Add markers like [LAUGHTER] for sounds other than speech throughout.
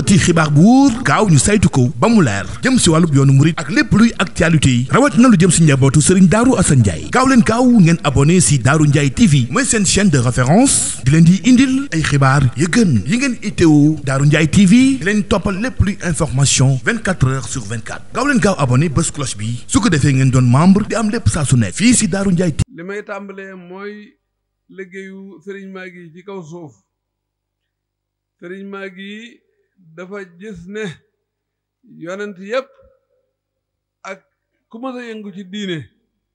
jotati xibaar bu wóor gaaw ñu saytu ko ba mu leer jëm si wàllub yoonu murit ak lépp luy actualité yi rawat na lu jëm si njabootu Serigne Darou Assane Ndiaye gaaw leen gaaw ngeen abonné si Darou Ndiaye TV mooy seen chaîne de référence di leen di indil ay xibaar yu yi ngeen itteewu daaru Ndiaye TV di leen toppal lépp luy information 24 heures sur 24 gaaw leen gaaw abonné bés cloche bi su ko defee ngeen doon membre di am lépp saa su ne fii si Darou Ndiaye TV. li may tàmbalee mooy liggéeyu Serigne Maguette ci kaw suuf Serigne dafa gis ne yonent yépp ak ku mës yëngu ci diine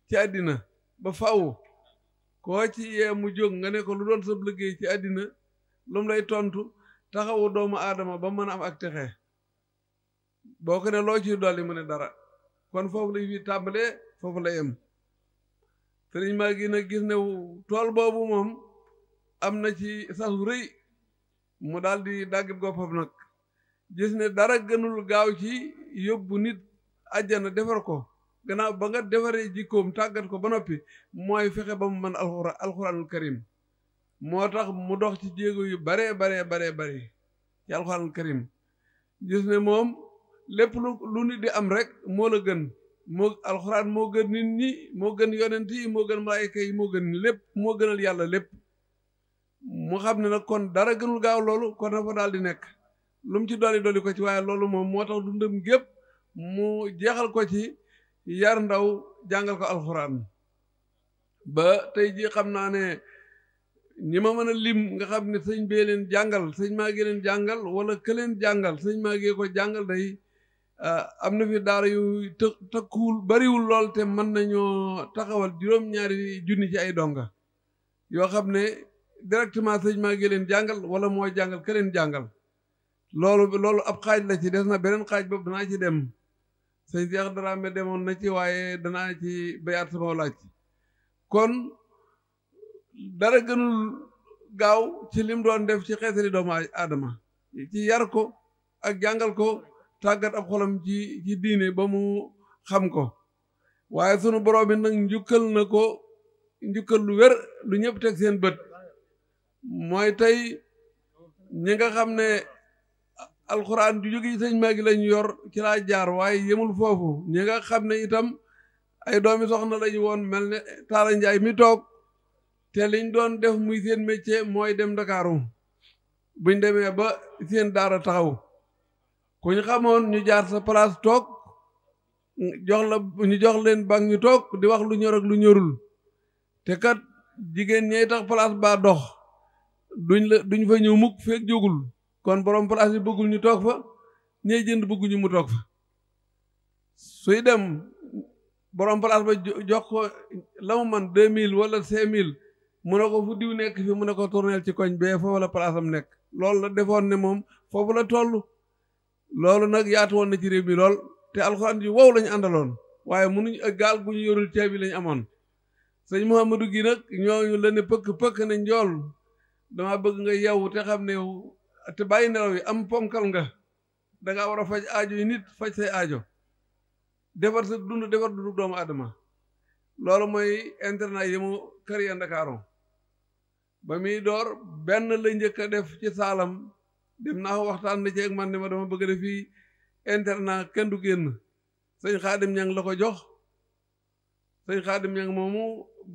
ci àddina ba faw koo ci yee mu jóg nga ne ko lu doon sab liggéey ci àddina lu mu lay tontu taxawu doomu aadama ba mën a am ak texe boo ko ne loo ci dolli mu ne dara kon foofu lañ fi tàmbalee foofu la yem sëriñ maa gi gis newu tool boobu moom am na ci sasu rëy mu daal di dàggit goppam nag gis ne dara gënul gaaw ci yóbbu nit àjjana defar ko gannaaw ba nga defaree jikkoom tàggat ko ba noppi mooy fexe ba mu mën alxuraan alxuraanul karim moo tax mu dox ci jéego yu baree baree baree bare ci alxuraanul karim gis ne moom lépp lu nit di am rek moo la gën moo alxuraan moo gën nit ñi moo gën yonent yi moo gën malaayika yi moo gën lépp moo gënal yàlla lépp mu xam ne na kon dara gënul gaaw loolu kon na fa daal di nekk lu mu ci dolli dolli ko ci waaye loolu moom moo tax dundam gépp mu jeexal ko ci yar ndaw jàngal ko alxuraan ba tey ji xam naa ne ñi ma mën a lim nga xam ne sëñ bee leen jàngal sëñ maa leen jàngal wala ke leen jàngal sëñ maagee ko jàngal day ah, am na fi daara yu të bariwul lool te mën nañoo taxawal juróom-ñaari junni ci ay donga yoo xam ne directement sëñ maagee leen jàngal wala moo jàngal ke jàngal loolu loolu ab xaaj la ci des na beneen xaaj boobu danaa ci dem sëñ Cheikh Dramé demoon na ci waaye danaa ci béyaat sama laaj kon dara gënul gaaw ci lim doon def ci xeetali doomu aadama ci yar ko ak jàngal ko tàggat ab xolam ci ci diine ba mu xam ko waaye sunu borom bi nag njukkal na ko njukkal lu wér lu ñëpp teg seen bët mooy tey ñi nga xam ne alxuraan ju jóge ci sëñ Maguette lañ yor ci laa jaar waaye yemul foofu ñi nga xam ne itam ay doomi soxna lañu woon mel ne Talla Ndiaye mi toog te liñ doon def muy seen métier mooy dem Ndakaaru buñ demee ba seen daara taxaw ku xamoon ñu jaar sa palaas toog jox la ñu jox leen bag ñu toog di wax lu ñor lu ñorul te kat jigéen ñey tax place baa dox duñ la duñ fa ñëw mukk fekk jógul kon borom place bi bëggul ñu toog fa ñey jënd bëgguñu mu toog fa suy dem borom place ba jox ko la mu man deux mille wala cinq mille mu ne ko fu diw nekk fi mu ne ko tourneel ci koñ bee foofu la place am nekk loolu la defoon ne moom foofu la toll loolu nag yaatu woon na ci réew mi lool te alxuraan yi wow lañu àndaloon waaye munuñ gaal gu ñu yorul ceeb bi lañu amoon sëñ Mouhamadou gi nag ñooñu la ne pëkk pëkk ne njool dama bëgg nga yow te xam ne te bàyyi nelaw yi am ponkal nga da war a faj aajo yi nit faj say ajo defar sa dund defar dundu doomu aadama loolu mooy internat yi mu kër ya Ndakaaru ba muy door benn la njëkk a def ci saalam dem naa waxtaan na ci ak man ne ma dama bëgg a def fii internat kenn du génn sëñ xaadim ñang la ko jox sëñ xaadim ñang moomu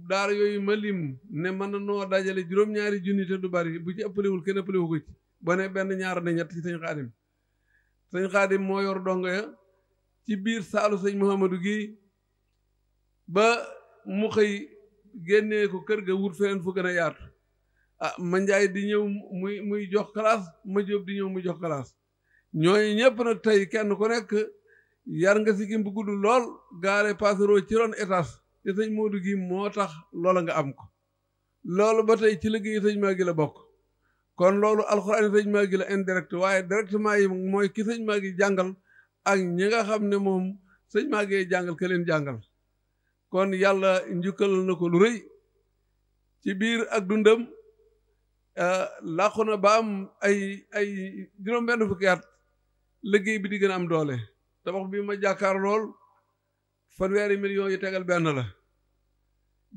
daara yooyu ma lim ne mën na noo dajale juróom-ñaari junni te du bari bu ci ëppalewul kenn ëppalewu ko ba ne benn ñaar ne ñett ci sëñ xaadim sëñ xaadim moo yor dongo ya ci biir saalu sëñ Muhammadu gi ba mu xëy génnee ko kër ga wut feneen fu gën a yaatu ah manjaay di ñëw muy muy jox classe ma jóob di ñëw muy jox kalaas ñooñu ñëpp nag tey kenn ku nekk yar nga si kim bu gudd lool gaare passeroo ci ron étage te sëñ Moodu gi moo tax loola nga am ko loolu ba tey ci liggéey sëñ maa gi la bokk kon loolu alxuraan yi sëñ Maguette la indirect waaye directement yi mooy ki sëñ gi jàngal ak ñi nga xam ne moom sëñ Maguette jàngal ka leen jàngal kon yàlla njukkal na ko lu rëy ci biir ak dundam eh, làqu na ba am ay ay juróom-benn fukki at liggéey bi di gën a am doole tabax bi ma jàkkaar lool fanweeri millions yi tegal benn la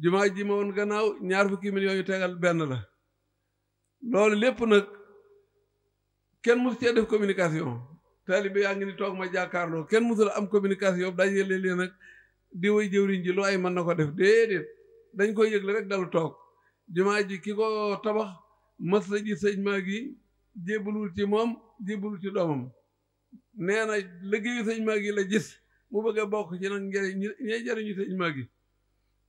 jumaa ji ma woon gannaaw ñaar fukki millions yi tegal benn la loolu lépp nag kenn mus cee def communication taalibe yaa ngi ni toog ma jàkkaarloo kenn musul am communication dajale leen nag di way jëwriñ ji lu ay mën na ko def déedéet dañ koy yëgle rek dalu toog jumaa ji ki ko tabax mas na ji sëñ maa gi jébbalul ci moom jébbalul ci doomam nee na liggéeyu sëñ maa gi la gis mu bëggee bokk ci nag njëriñ ñee jëriñu sëñ maa gi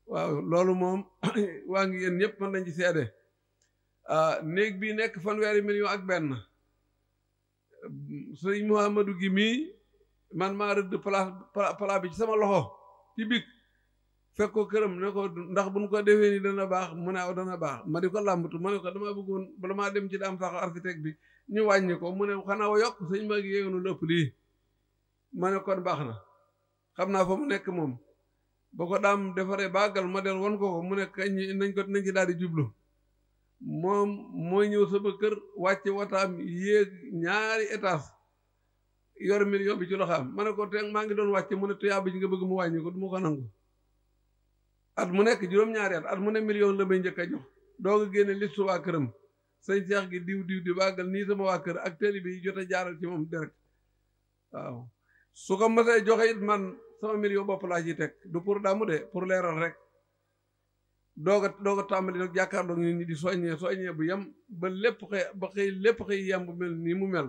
waaw loolu moom [COUGHS] waa ngi yéen ñëpp mën nañ ci seede Ah, néeg bi nekk fanweeri million ak benn sëñ Mouhamadou gi mii man maa rëdd pala bi ci sama loxo ci big fekk ko këram ne ko ndax buñ ko defee ni dana baax mu ne aw dana baax ma di ko làmbatu ma ne ko dama bëggoon a maa dem ci daam sax bi ñu wàññi ko mu ne xanaa wa yokk sëñ ma gi yéenu lëpp lii ma ne kon baax na xam naa fa mu nekk moom ba ko daam defaree baagal ma del won ko ko mu ne kañ nañ ko nañ ci daal di jublu moom mooy ñëw sama kër wàcce wataam yéeg ñaari étage yor million bi ci loxaam ma ne ko teeg maa ngi doon wàcc mu ne tuyaaba ji nga bëgg mu wàññi ko du ma ko nangu at mu nekk juróom-ñaari at at mu ne million la may njëkk a jox doo nga génne listu waa këram sëñ Cheikh gi diw diw di bàggal nii sama waa kër ak télé bi jot jaaral ci moom direct waaw su ko mësee joxe it man sama million bopp laa ci teg du pour damu de pour leeral rek doog a doog a tàmbali nag jàkkaarloo nit ñi di soññee soññee bu yem ba lépp xëy ba xëy lépp xay yem mel nii mu mel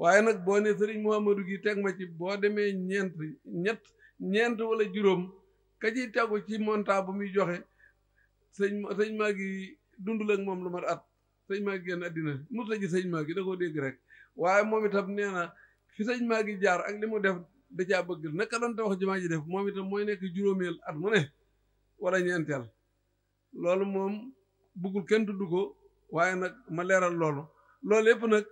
waaye nag boo ne sëriñ Mouhamadou gi teg ma ci boo demee ñeent ñett ñeent wala juróom ka ciy tegu ci montant bu muy joxe sëñ sëñ maa gi dundul ak moom lu mat at sëñ maa gi génn àddina mos a sëñ maa gi da koo dégg rek waaye moom itam nee na fi sëñ maa gi jaar ak li mu def da caa bëgg naka doon te wax jumaa ji def moom itam mooy nekk juróomeel at mu ne wala ñeenteel loolu moom bëggul kenn tudd ko waaye nag ma leeral loolu loolu yëpp nag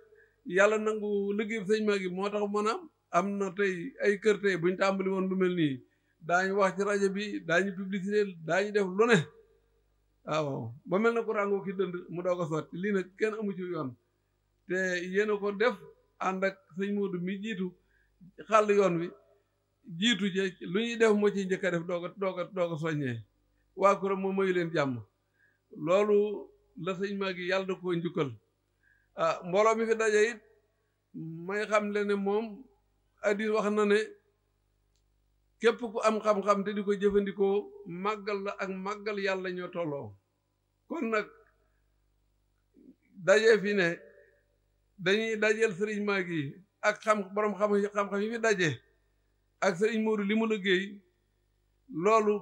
yàlla nangu liggéey sëñ ma gi moo tax mën a am na tey ay kër tey buñ tàmbali woon lu mel nii daañu wax ci rajo bi daañu publicité daañu def lu ne waaw ba mel na ko ràngoo ki dënd mu doog a sotti lii nag kenn amu ci yoon te yéen a ko def ànd ak sëñ Modou mi jiitu xàll yoon wi jiitu ci lu ñuy def moo ci njëkk a def doog a doog doog a soññee waa kuram moom mayu leen jàmm loolu la sëñ Maguette gi yàlla da koo njukkal ah mbooloo mi fi daje it may xam le ne moom addis wax na ne képp ku am xam-xam te di ko jëfandikoo màggal la ak màggal yàlla ñoo tolloo kon nag daje fi ne dañuy dajeel sëriñ Maguette yi ak xam borom xam-xam yi fi daje ak sëriñ Modou li mu liggéey loolu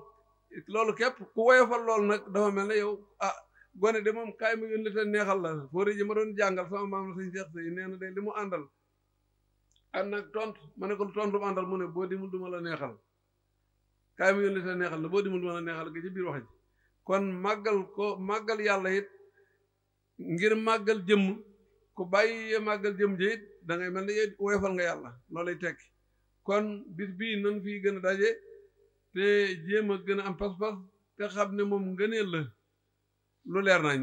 loolu képp ku woyofal loolu nag dafa mel ne yow a ah, gone de moom kaay ma yónni te neexal la foore ji ma doon jàngal sama maam la sañ seex say nee na de li mu àndal am nag tontu ma ne ko tontu mu àndal mu ne boo dimul duma la neexal kaay ma yónni te neexal la boo dimul duma la neexal ga ci biir wax ji kon màggal ko màggal yàlla yit ngir màggal jëm ku bàyyi màggal jëm ji it da ngay mel ne woyofal nga yàlla loolay tekki kon bis bii nan fii gën a daje te jéem a gën a am pas-pas te xam ne moom ngëneel la lu leer nañ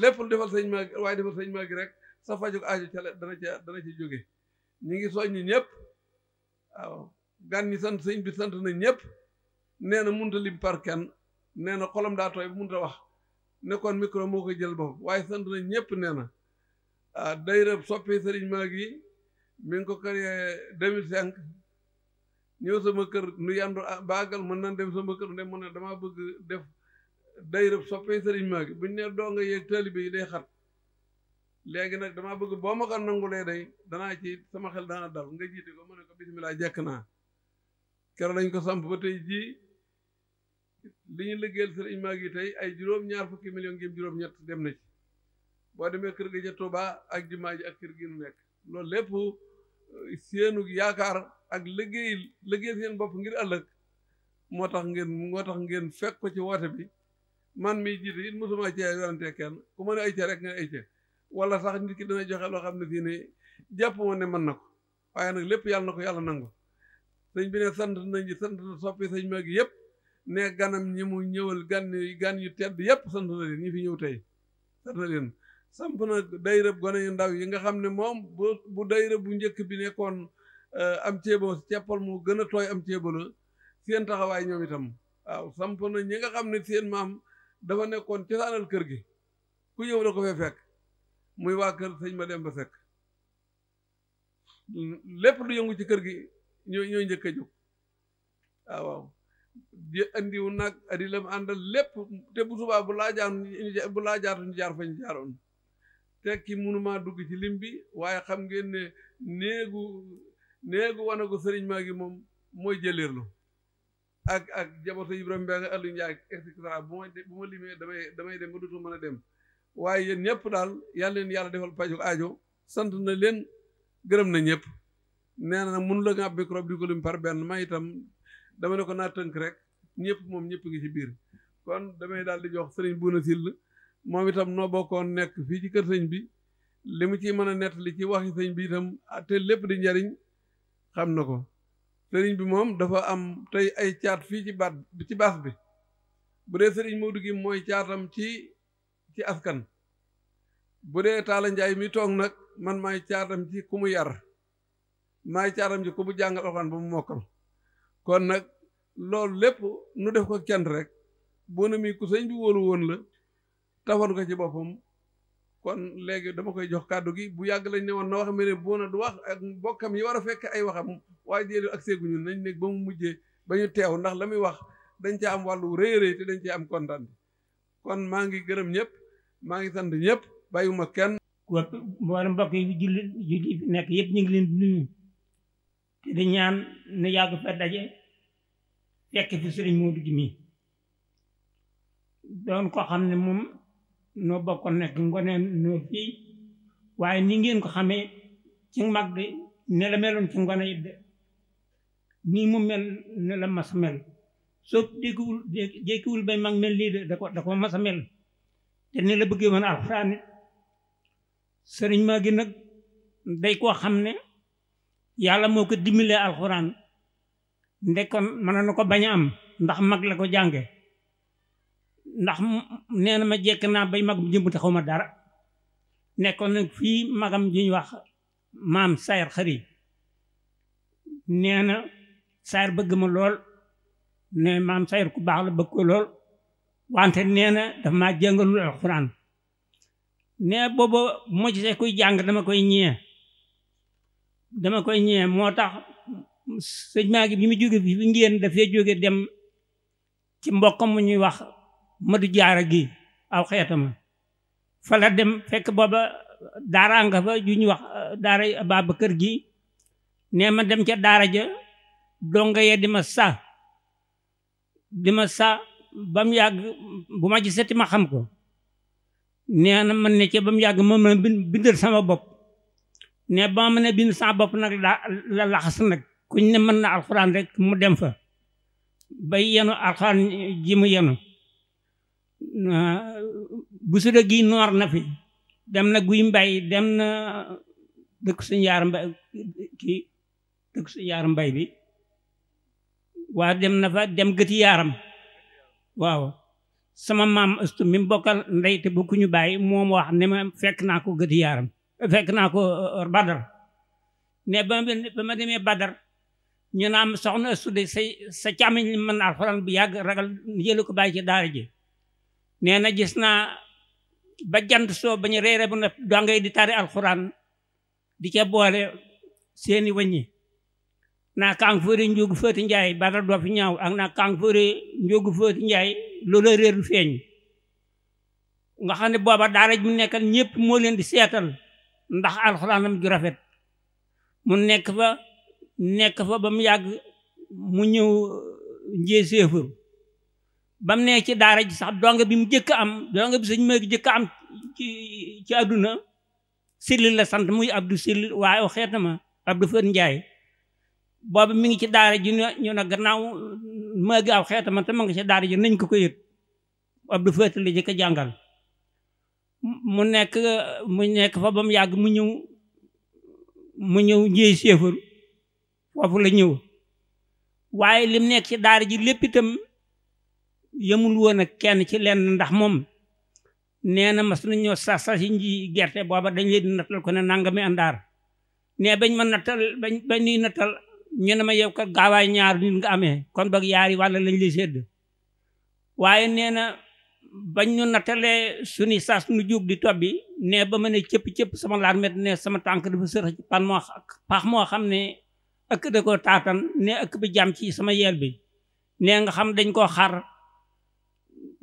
lépp lu defal sëñ Macky waaye defal sëñ gi rek sa fajuk aajo ca la dana ca dana ca jóge ñu ngi soññi ñëpp waaw gan ñi sant sëñ bi sant na ñëpp nee na mënut a lim par kenn nee na xolam daa tooy mënut a wax nekkoon kon micro moo ko jël bopp waaye sant na ñëpp nee na ah daayira soppi sëriñ Macky mi ngi ko créé 2005 ñëw sama kër nu yandu ah, baagal mën nan dem sama kër dem mën ne damaa bëgg def dayrëb soppee sëriñ maa gi bu ne doo nga yeeg taalibe yi day xat léegi nag damaa bëgg boo ma ko nangulee day danaa ci sama xel daana dal nga jiite ko mu ne ko bismillah jekk naa kero dañ ko samp ba jii li ñu liggéeyal sëriñ maa gi tey ay juróom-ñaar fukki million ñett dem na ci boo demee kër gi ca Tuuba ak jumaa ji ak kër gi nu nekk loolu lépp uh, seenu yaakaar ak liggéey liggéeyal seen bopp ngir ëllëg moo tax ngeen moo tax ngeen fekk ko ci woote bi man mi jiite it mosuma ci werante kenn ku ma ne ay rek nga ay ca wala sax nit ki dana joxe loo xam ne fii ne jàpp ma ne mën na ko waaye nag lépp yàlla na ko yàlla nangu sëñ bi ne sant nañu sant na soppi sañ mag yëpp ne ganam ñi mu ñëwal gan gan yu tedd yëpp sant na leen ñi fi ñëw tey sant na leen samp na dayra gone yu ndaw yi nga xam ne moom bu dayra bu njëkk bi nekkoon Euh, am ceeboo ceppal moo gën a tooy am ceebala seen taxawaay ñoom itam waaw samp na ñi nga xam ne seen maam dafa nekkoon cosaanal kër gi ku ñëw da ko fee muy waa kër sëñ ma dem ba sekk lépp lu yëngu ci kër gi ñoo ñooy njëkk a jóg waaw waaw andiwu nag adi lam àndal lépp te bu subaa bu laajaan bu laajaatu jaar fa ñu jaaroon tekki mënuma dugg ci lim bi waaye xam ngeen ne néegu néegu wanagu sëriñ maa ngi moom mooy jëleerlu ak ak jabootu Ibrahima Mbengue ak Aliou Ndiaye et cetera bu ma bu ma limee damay damay dem ba dootul mën a dem waaye yéen ñëpp daal yàlla leen yàlla defal paju aajo sant na leen gërëm na ñëpp nee na nag la nga ab micro di ko lim par benn ma itam dama ne ko naa tënk rek ñëpp moom ñëpp ngi ci biir kon damay daal di jox sëriñ Bouna Sylla moom itam noo bokkoon nekk fii ci kër sëñ bi li mu ciy mën a nettali li waxi sëñ bi itam te lépp di njariñ xam na ko sëriñ bi moom dafa am tey ay caat fii ci baat ci baas bi bu dee sëriñ Modou gi mooy caatam ci ci askan bu dee Taala Njaay mi toog nag man maay caatam ci ku mu yar maay caatam ci ku mu jàngal alxuraan mu mokkal kon nag loolu lépp nu def ko cant rek boo na mi ku sëñ bi wóolu woon la tafoon ko ci boppam kon léegi dama koy jox kàddu gi bu yàgg lañ ne woon na wax mene boona du wax ak mbokkam yi war a fekk ay waxam waaye jéelu ak seegu ñun nañ ne ba mu mujjee ba ñu teew ndax la muy wax dañ ca am wàllu rëy rëy te dañ ca am kontaan kon maa ngi gërëm ñépp maa ngi sant ñëpp bàyyiwuma kenn mboolem mbokk yi julli julli nekk yëpp ñu ngi leen nuyu te di ñaan ne yàgg fa daje fekk fi sëriñ Modou gi mii doon ko xam ne moom noo bokkoon nekk ngoneem noo fii waaye ni ngeen ko xamee ci mag bi ne la meloon ci ngone it de nii mu mel ne la mas mel soo dékkiwul jékkiwul mel lii de da ko da ko mas mel te la bëggee woon alxuraan it sëriñ maa gi nag day koo xam ne yàlla moo ko dimbalee alxuraan ndekoon mën ko bañ am ndax mag la ko jànge ndax nee na ma jekk naa bay magum jëmb te xaw ma dara nekkoon nag fii magam ji wax maam sayar xarit nee na sayar bëgg ma lool ne maam sayar ku baax la bëgg ko lool wante nee na dafa maa jàngalul alxuraan nee booba moo gisee kuy jàng dama koy ñee dama koy ñee moo tax sëñ maa gi bi mu jóge fi ngeen dafee jóge dem ci mbokkam mu ñuy wax madu jaara gi aw xeetama fa la dem fekk booba daaraa nga fa ju ñu wax euh, daara Babacar gi nee ma dem ca daara ja donga ye di ma sa di ma sa ba mu yàgg bu maj gisati ma xam ko nee na man ne ca ba mu yàgg ma mën a sama bopp ne ba mën a bind sama bopp nag la la laxas nag kuñ ne mën na alxuraan rek mu dem fa bay yenu alxuraan ji mu yenu bu su gi noor na fi dem na guy mbay dem na dëkk suñ yaar mbay kii mbay bi waa dem na fa dem gëti yaaram waaw sama maam ëstu mi mu bokkal ndey te bu ñu bàyyi moom wax ne fekk naa ko gëti yaaram fekk naa ko uh, uh, badar ne ba ma demee badar ñu naan soxna ëstu de sa sa càmmiñ li mën alxuraan bu yàgg ragal jële ko bàyyi ci daara ji nee na gis naa ba jant soo ba ñu reere bu na dongay di tari alxuraan di ca boole seeni waññi naa kang fóori njóogu fóoti njaay bada doo fi ñaaw ak naa kang fóori njóogu fóoti njaay loola réeru feeñ nga xam ne booba daara ji mu nekkal ñëpp moo leen di seetal ndax alxuraanam ju rafet mu nekk fa nekk fa ba mu yàgg mu ñëw njee séefur bam nee ci daara ji sax donga bi mu jëkk am donga bi sëñ Maodo jëkk am ci ci àdduna Sylla la sant muy Abdou Sylla waaye o xeet na ma Abdou Fër njaay boobu mi ngi ci daara ji ñu ne gannaaw Maodo xeet ma te ma nga nañ ko ko yët Abdou Fër la jëkk jàngal mu nekk mu nekk fa ba mu yàgg mu ñëw mu ñëw njëy séefar la ñëw waaye lim nekk ci daara ji lépp yëmul woon ak kenn ci lenn ndax moom nee na mas nañoo sax sax si nji gerte booba dañ leen di nattal ko ne nangami àndaar ne bañ ma nattal bañ bañ ñuy nattal ñu ne ma yow kat gaawaay ñaar nit nga amee kon boog yaari wàlla lañ le sédd waaye nee na bañ ñu nattalee suñu saas nu jóg di tob ne ba ma ne cëpp-cëpp sama larmet ne sama tànk dafa a ci pan moo pax moo xam ne ëkk da koo taatan ne ëkk bi jam ci sama yel bi ne nga xam dañ koo xar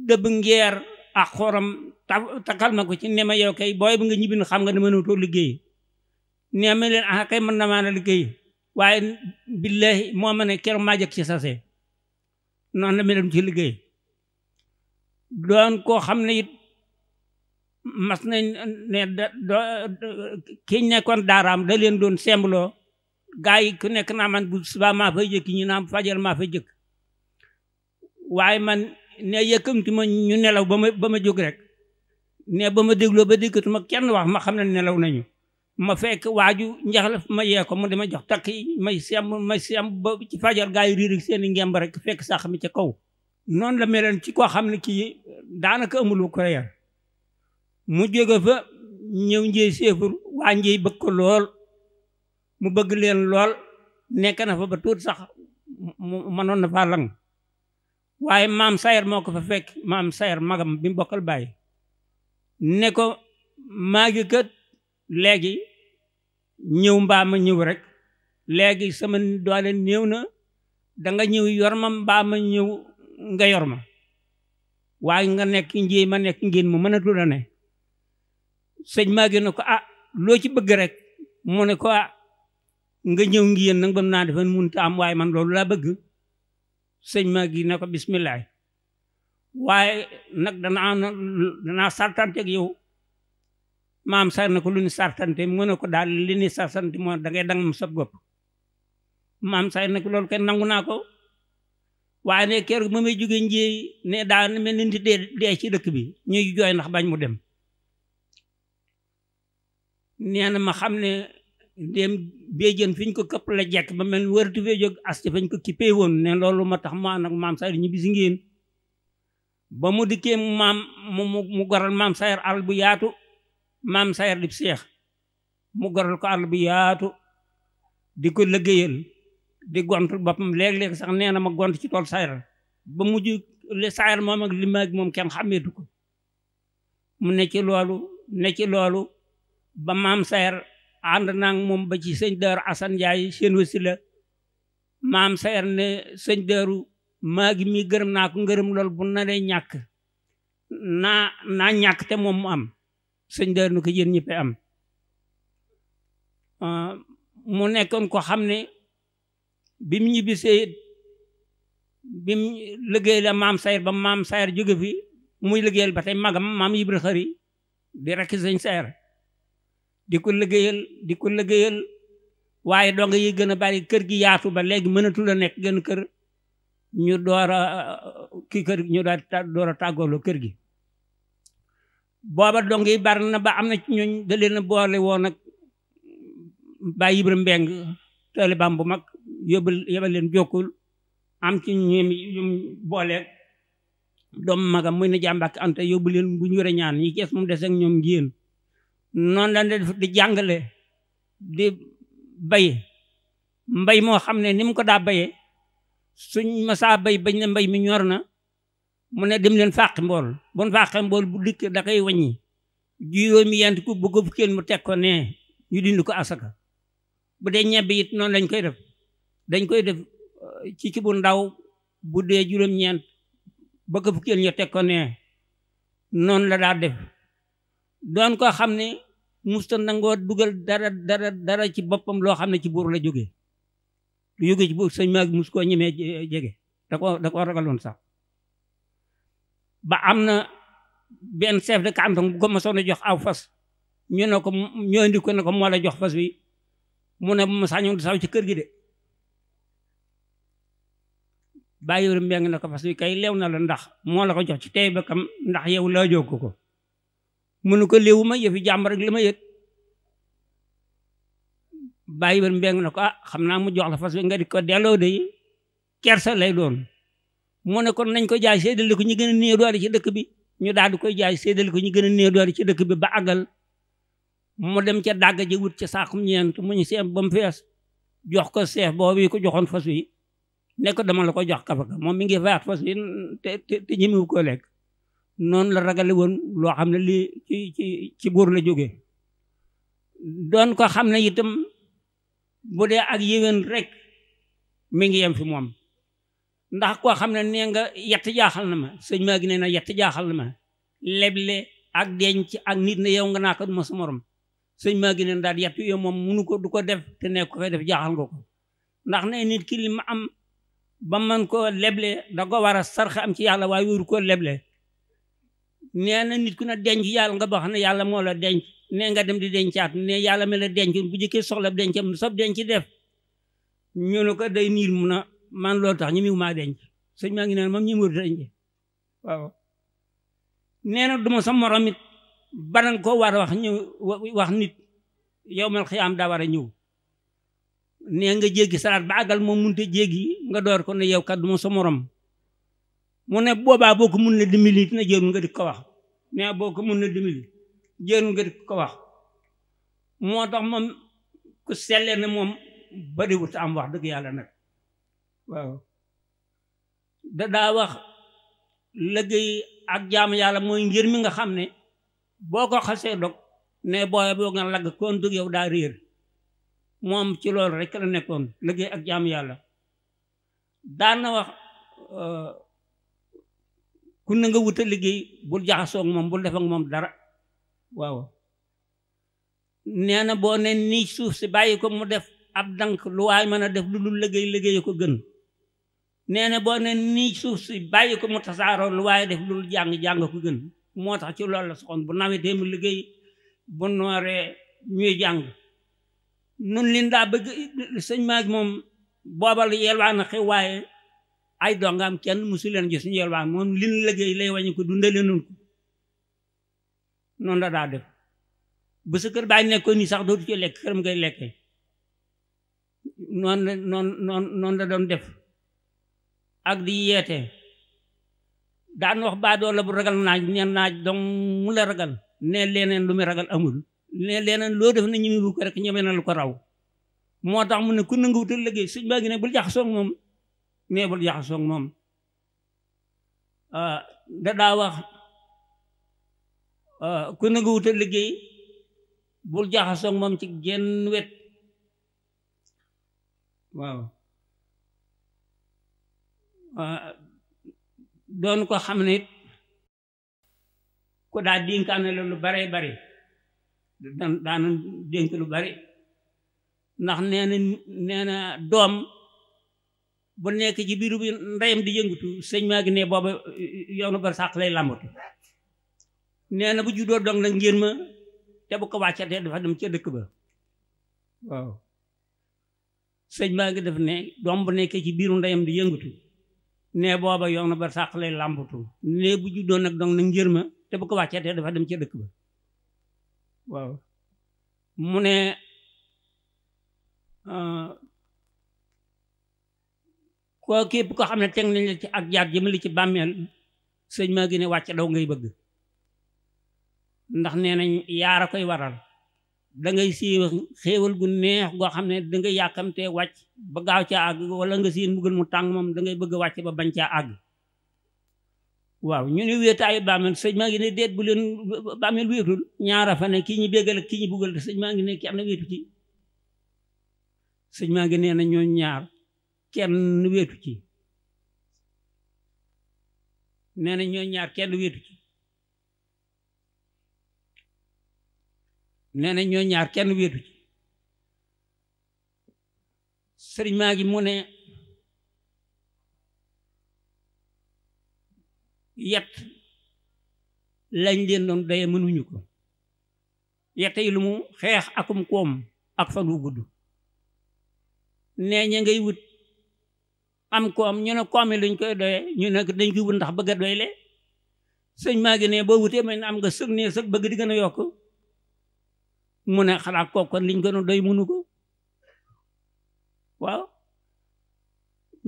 dëbb ngeer ak xorom takkal ma ko ci ne ma yow kay booy bu nga ñibbin xam nga ne mënatoo liggéey nee ma leen ah mën na maa na liggéey waaye billahi moo ma ne keroog maa ci sase noonu la ma ci liggéey doon koo xam ne it mas nañ ne ki nekkoon daaraam da leen doon sembloo gaa yi ku nekk naa man bu subaa maa fay jëkk ñi naam fajar maa fay jëkk man ne yëkkamti ma ñu nelaw ba ma ma jóg rek ne ba ma dégloo ba déggatuma kenn wax ma xam ne nelaw nañu ma fekk waaju njaxlaf ma yee ko mu dema jox takk may semb may semb ba ci fajar gaa yi riir seen i ngemb rek fekk sax mi ca kaw noonu la melan ci koo xam ne kii daanaka amul ko yar mu jóge fa ñëw njëy seefur waa njëy bëgg ko lool mu bëgg leen lool nekk na fa ba tuut sax mu mënoon na faa lang waaye maam sayar moo ko fa fekk maam sayar magam bi mu bokkal bàyyi ne ko maa ngi kët léegi ñëw mbaam ma ñëw rek léegi sama doole néew na danga ñëw yor ma mbaa ma ñëw nga yor ma waaye nga nekk njiy ma nekk ngeen mu mën a tudd ne sëñ maa ngi ko ah loo ci bëgg rek mu ne ko ah, nga ñëw ngeen nag ba mu naa defen mun ta am waaye man loolu laa bëgg sëñ maa gi na ko bisimilah waaye nag danaa danaa sartante ak yow maam sar na ko lu ni sartante mu ne ko daal li ni sartante moo da ngay dangam sa bopp maam sar na ko loolu kenn nangu naa ko waaye ne keroog ma may jógee njéey ne daa mel ni nit dee ci dëkk bi ñuy jooy ndax bañ mu dem nee ma xam ne dem béjjën fi ko këpp la jekk ba mel wërtu fee jóg aste fañ ko kippee woon ne loolu ma tax ma nag maam sayr ñibbi si ba mu di dikkee maam mu mu goral maam sayr àll bu yaatu maam sayr di seex mu goral ko àll bu yaatu di ko liggéeyal di gont boppam léeg-léeg sax nee na ma gont ci tool sayr ba mujj li sayr moom ak li maag moom kenn xàmmeetu ko mu ne ci loolu ne ci loolu ba maam sayr ànd naag moom ba ci sëñ Daaru Asan Njaay seen wasila maam sa er ne sëñ Daaru maa mi gërëm naa ko ngërëm lool bu na dee ñàkk naa naa te moom mu am sëñ Daaru nu ko yéen am ah, mu nekkoon ko xam ne bi mu ñibbisee bi mu liggéey la maam sayer ba maam sayer jóge muy liggéeyal ba tey magam maam yibra xëri di rekk sëñ sayer di ko liggéeyal di ko liggéeyal waaye donga yi gën a bari kër gi yaatu ba léegi mënatul a nekk gën kër ñu door a kii kër ñu door a tàggooloo kër gi booba dong yi bari na ba am na ci ñooñ da leen boole woon ak ba Ibra Mbeng talibaam bu mag yóbbu yóbbu leen jokkul am ci ñoom ñoom boole doomu magam muy na jàmbaak anta yóbbu leen bu ñu war ñaan yi kees mu des ak ñoom njéen noonu la def di jàngale di bay mbay moo xam ne ni mu ko daa bayee suñ masaa bay bañ ne mbay mi ñor na mu ne dem leen fàqi mbool bon fàqi mbool bu dikk da koy wàññi yent ku bëgg bu kenn mu teg ko nee ñu dindi ko asaka bu dee ñebbe it noonu dañ koy def dañ koy def euh, ci ci bu ndaw bu dee juróom-ñeent bëgg fukkeel ñu teg ko ne noonu la daa def doon koo xam ne musta nangoo dugal dara dara dara ci boppam loo xam ne ci buur la jógee lu jógee ci buur sëñ maag mus koo jege da ko da koo ragaloon sax ba am na benn chef de canton ta ko mosoon a jox aw fas ñu ne ko ñu indi ko ne ko moo la jox fas bi mu ne mu sañoon saw ci kër gi de bàyyi mbeng na ko fas bi kay lew na la ndax moo la ko jox ci tey ba kam ndax yow laajoo ko ko mënu ko léewu ma yëfi jàmm rek li ma yëg bàyyi ba na ko ah xam naa mu jox la fas nga di ko delloo de kersa lay doon mu ne kon nañ ko jaay séddale ko ñu gën a néew ci dëkk bi ñu daal di koy jaay séddale ko ñu gën a néew ci dëkk bi ba àggal mu dem ca dàgg ji wut ca saakum ñeent mu ñu seem ba mu fees jox ko seef boobu ko joxoon fas wi ne ko dama la ko jox kafa ka moom mi ngi fayaat fas wi te te ñi ko lekk noonu la ragale woon loo xam ne lii ci ci ci buur la jógee doon ko xam ne itam bu dee ak yéwén rek mi ngi yem fi moom ndax koo xam ne nee nga yett jaaxal na ma sëñ maa gi na yett jaaxal na ma leble ak denc ak nit ne yow nga naa ko duma sa morom sëñ maa gi nee na daal yett yow moom munu ko du ko def te ne ko fay def jaaxal nga ko ndax ne nit ki am ba man koo leble da ko war a sarxe am ci yàlla waaye wur ko leble nee na nit ku na denc yàlla nga ba xam ne yàlla moo la denc nee nga dem di dencaat ne yàlla mi la denc bu jëkkee soxla dencam sob denc def ñu ne ko day niir mun a man loolu tax ñu mi maa denc sëñ maa ngi naan moom ñu mu denc waaw nee na duma sa morom it baran ko war a wax ñëw wax nit yow mal xiyaam daa war a ñëw nee nga jéggi salaat ba àggal moom munte jéggi nga door ko ne yow kat duma sa morom mu ne boobaa boo ko mun na dimbali dina jërul nga di ko wax mais boo ko mun na dimbali jërul nga ko wax moo tax moom ku sellee ne moom bariwut am wax dëgg yàlla nag da daa wax liggéey ak jaamu yàlla mooy njër mi nga xam ne boo ko xasee dog ne boo nga lagg kon dug daa réer moom ci loolu rek la nekkoon liggéey ak jaamu yàlla na wax euh, ku ne nga wuta liggéey bul jaxasoo ak moom bul defa ak moom dara waaw nee na boo ne nii suuf si bàyyi ko mu def ab dank lu waay mën a def lu dul liggéey liggéey ko gën nee na boo ne nii suuf si bàyyi ko mu tasaaroo lu waay def lu dul jàng jàng ko gën moo tax ci loolu la soxoon bu nawetee mu liggéey bu nooree ñuy jàng nun lin daa bëgg moom boobal yelwaan na xew waaye ay dongaam kenn musu leen gis ñu yelwaan moom lin liggéey lay wañu ku dundale nun ko noonu la daa def bu sa kër bàyyi nekkoon nii sax dootu ci lekk këram ngay lekkee noonu la noonu noonu noonu la doon def ak di yeete daan wax baa doo bu ragal naaj ne naaj donc mu la ragal ne leneen lu muy ragal amul ne leneen loo def na ñimi bu ko rek na lu ko raw moo tax mu ne ku nanguwutal liggéey sëñ baa ngi ne bul jaxasoo moom mais bul jaxasoog moom ah, da daa wax ah, ku nangu wut a liggéey bul jaxasoog moom ci genn wet ah, doon ko xam ne it ku daa dénkaane la lu bare bare daana dénk lu bare ndax nee doom bu nekk ci biiru bi ndeyam di yëngatu sëñ maa gi ne booba eh, yoonu ba sàq lay làmbatu nee na bu juddoo dong nag ngir ma te bu ko wàccatee dafa dem ca dëkk ba waaw sëñ maa ngi def ne doom bu nekkee ci biiru ndeyam di yëngatu ne booba yoonu ba sàq lay làmbatu ne bu juddoo nag dong nag ngir ma te bu ko wàccatee dafa dem ca dëkk ba waaw mu ah, koo képp koo xam ne teg nañ la ci ak jaar li ci bàmmeel sëñ maa gi ne wàcc daw ngay bëgg ndax nee nañ yaar a koy waral dangay ngay siiw xéewal gu neex goo xam ne dangay ngay yàkkamtee wàcc ba gaaw caa àgg wala nga siin mbugal mu tàng moom da ngay bëgg a wàcc ba bañ caa àgg waaw ñu ne wéetaayu bàmmeel sëñ maa ngi ne déet bu leen bàmmeel wéetul ñaara fa ne kii ñu béggal ak kii ñu buggal te sëñ maa ngi ne kenn wéetu ci sëñ maa ngi nee na ñoo ñaar kenn wéetu ci nee na ñoo ñaar kenn wéetu ci nee na ñoo ñaar kenn wéetu ci sëriñ mu ne yet lañ leen doon daye mënuñu ko yette yi lu mu xeex akum koom ak fan gudd nee ña ngay wut am koom ñu ne koom yi lañ koy doyee ñu ne dañ koy bu ndax bëgg a le sëñ maa ngi nee boo wutee man am nga sëg ne sëg bëgg di gën a yokk mu ne xalaat kooku kon liñ gën a doy ko waaw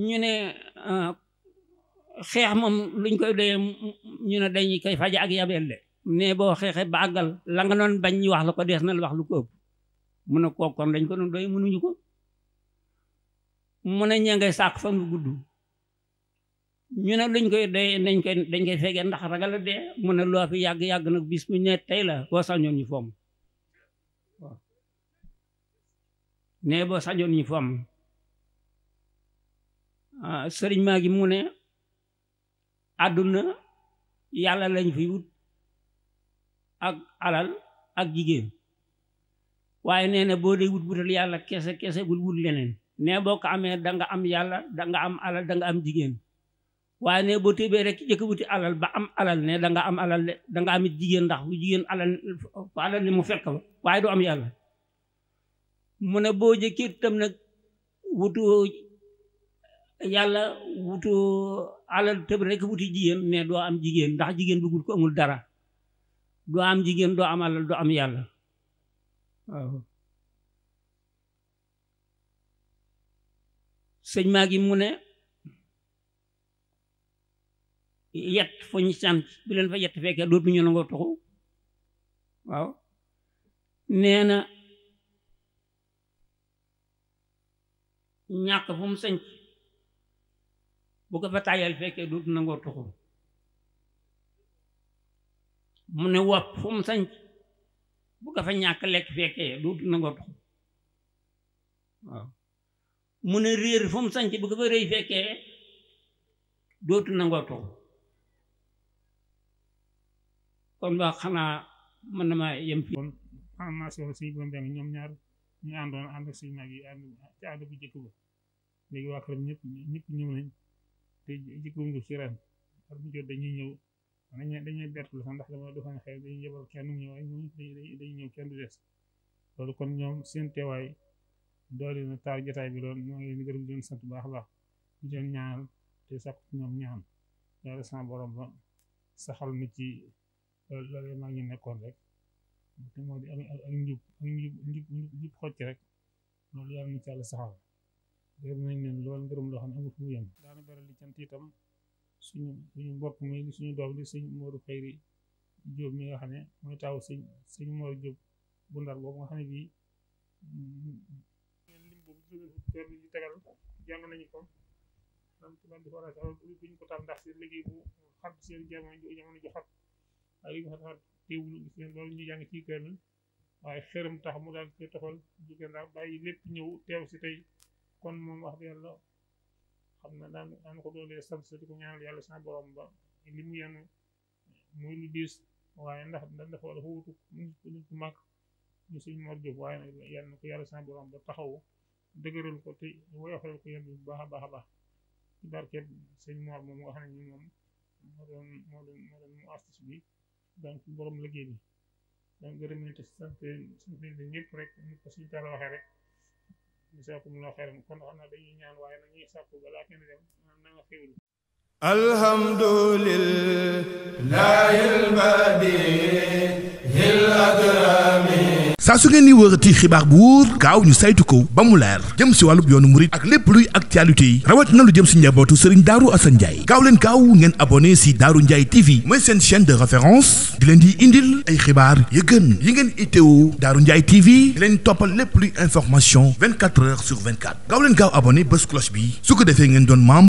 ñu ne ah, xeex moom luñ koy doyee ñu ne dañuy koy faje ak yabel de ne boo xeexee ba àggal la nga noon bañ ñu wax la ko dees na la wax lu ko ëpp mu ne kooku kon lañ ko doon doy mënuñu ko mu ne ña ngay sàkk fan bu gudd ñu ne luñ koy dee nañ ko dañ koy fekkee ndax ragal a dee mu ne loo fi yàgg-yàgg na bis bu ne tey la boo sañoon ñu foom waaw ne boo sañoon ñu fomm ah, sëriñ maa gi mu ne àdduna yàlla lañ fi wut ak alal ak jigéen waaye nee na boo dee wut wutal yàlla kese kese bul wut leneen ne boo ko amee danga am yàlla danga am alal da nga am jigéen waaye ne boo tébee rek jëkk wuti alal ba am alal ne da nga am alal de da nga am jigéen ndax bu jigéen alal fa alal ni mu fekk ba waaye doo am yàlla mu ne boo jëkkee tam nag wutu yàlla wutu alal tëb rek wuti jigéen ne doo am jigéen ndax jigéen bëggul ko amul dara doo am jigéen doo am alal doo am yàlla sëñ maa gi mu ne yet fo ñu sant bu leen fa yet fekkee dootu ñu nangoo toxu waaw nee na ñàkk fu mu sanc bu ko fa tayal fekkee dootu nangoo toxu mu ne wopp fu mu sanc bu ko fa ñàkk lekk fekkee dootu nangoo toxu waaw mu ne réer fu mu sanc bu ko fa rëy fekkee dootu nangoo toog kon ba xanaa mën na maa yem fii kon xanaa maa soxla si borom benn ñoom ñaar ñu àndoon ànd si nag yi ànd ci ànd bu jëkk ba léegi waa këram ñëpp ñëpp ñëw nañ te jëkkum ngu ci ren at bu jot dañuy ñëw dañuy dañuy bertul sax ndax dama doxane xew dañuy yebal kenn ñëw ay ñoom dañuy ñëw kenn du des loolu kon ñoom seen teewaay doole na taal jotaay bi lool ñoo ngi leen di gërëm di baax a baax di leen ñaanal te sakku ci ñoom ñaan yàlla ci maa ngi nekkoon rek te moo di ak ak njub ak njub njub xocc rek loolu yàlla na ci yàlla saxal gërëm nañ leen lool ngërëm loo xam ne amul fu mu yem daana beral li cant itam suñu suñu mbokk suñu doom di sëñ Modou Xayri Jóob mi nga xam ne mooy taaw sëñ sëñ Modou Jóob bu boobu nga xam bii kër yi tegal jàng nañu ko man man di ko war a sax duñ ko taal ndax seen liggéey bu xat seen jamono ji a ji xat waaye li ñu xat xat teewul ci kër waaye xëram tax mu daal koy toxal jigéen daal bàyyi lépp ñëw teew si tey kon moom wax dëgg yàlla xam na daan daan ko doolee sant di ko ñaanal yàlla sa borom ba li mu yenu muy lu diis waaye ndax ndax dafa dafa wutu nit ku màgg ñu suñ mor ko yàlla sa borom ba taxawu dëgëral ko te mooy affaire ko yéen bu baax a baax a baax ci barkeb sëñ Mor moom nga xam moom moo doon moo doon mu artiste bi donc boroom liggéey bi donc gërëm nañ te sant sant ñëpp rek ñu ko suñu taal waxee rek ñu sakku mu loo kon xam naa dañuy ñaan waaye nag ñuy sakku kenn dem na nga الحمد لله البديع الأكرم saa su ngeen ni wërati xibaar bu wóor gaaw ñu saytu ko ba mu leer jëm si wàllub yoonu murit ak lépp luy actualité yi rawat na lu jëm si njabootu sëriñ daaru Assane Ndiaye gaaw leen gaaw ngeen abonné si Darou Ndiaye TV mooy seen chaîne de référence di leen di indil ay xibaar yu gën yi ngeen itteewu Darou Ndiaye TV di leen toppal lépp luy information 24 heures sur 24 gaaw leen gaaw abonné bés cloche bi su ko defee ngeen doon membre